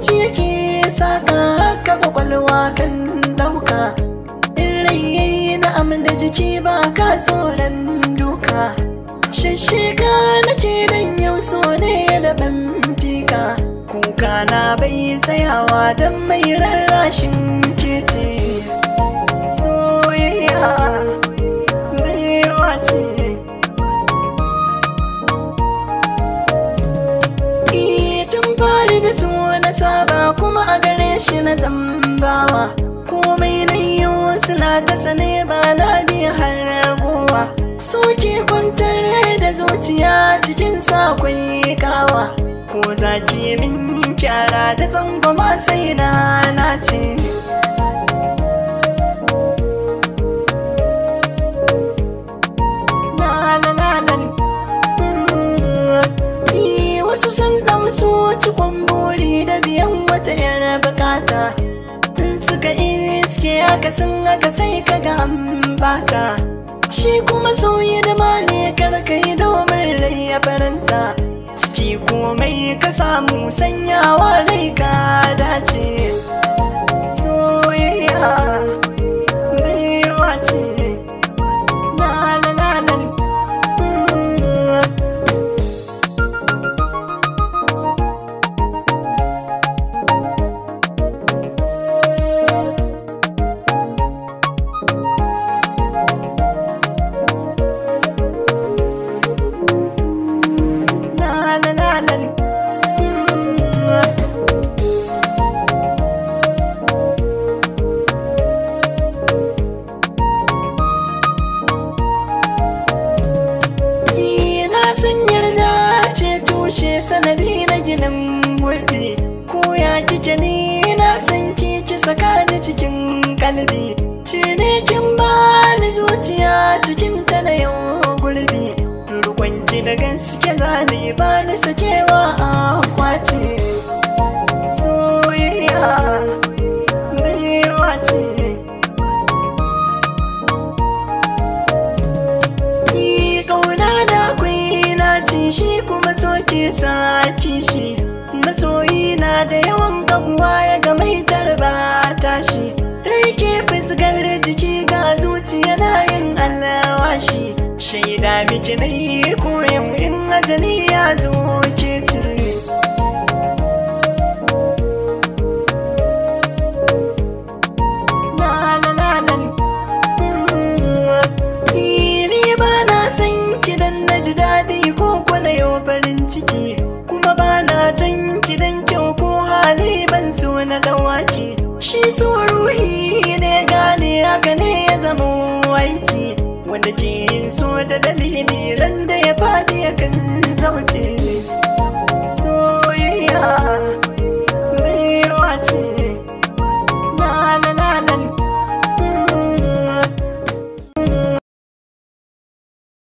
zuci yake saka ka kwakwalwa kan dauka in rai na da jiki ba ka tsoron duka shishika nake dan yau so ne da ban fika kuka na bai tsayawa don mai rarrashin kece soyayya shi na zambawa komai na yi wasu na ta sane ba na bi har ragowa soke kwantar da zuciya cikin sa akwai kawa ko zaki min kyara da zango ma sai na nace hmm. wasu sun su wacce buri da biyan wata yara bukata in suka iske haka sun aka sai ka ga ambata shi kuma sauyi da ma ne karka yi domin rai ya faranta ciki komai ka samu sanyawa rai ka dace sanadi na ginin murfi ko ya kike ni na san ki ki saka ni cikin kalbi cinikin kin ba ni zuciya cikin ta na yau gurbi rukun da gaske zani ba ni sakewa a da yawan gabuwa ya ga mai tarba tashi rai ke fisgar jiki ga zuciya na yin alawashi shaida miki na yi koyan in ajali ya zo ke cire na mm, san kidan na ko ciki so na dawaki shi so ruhi ne gane haka ne ya zama waiki wanda ke so da dalili ran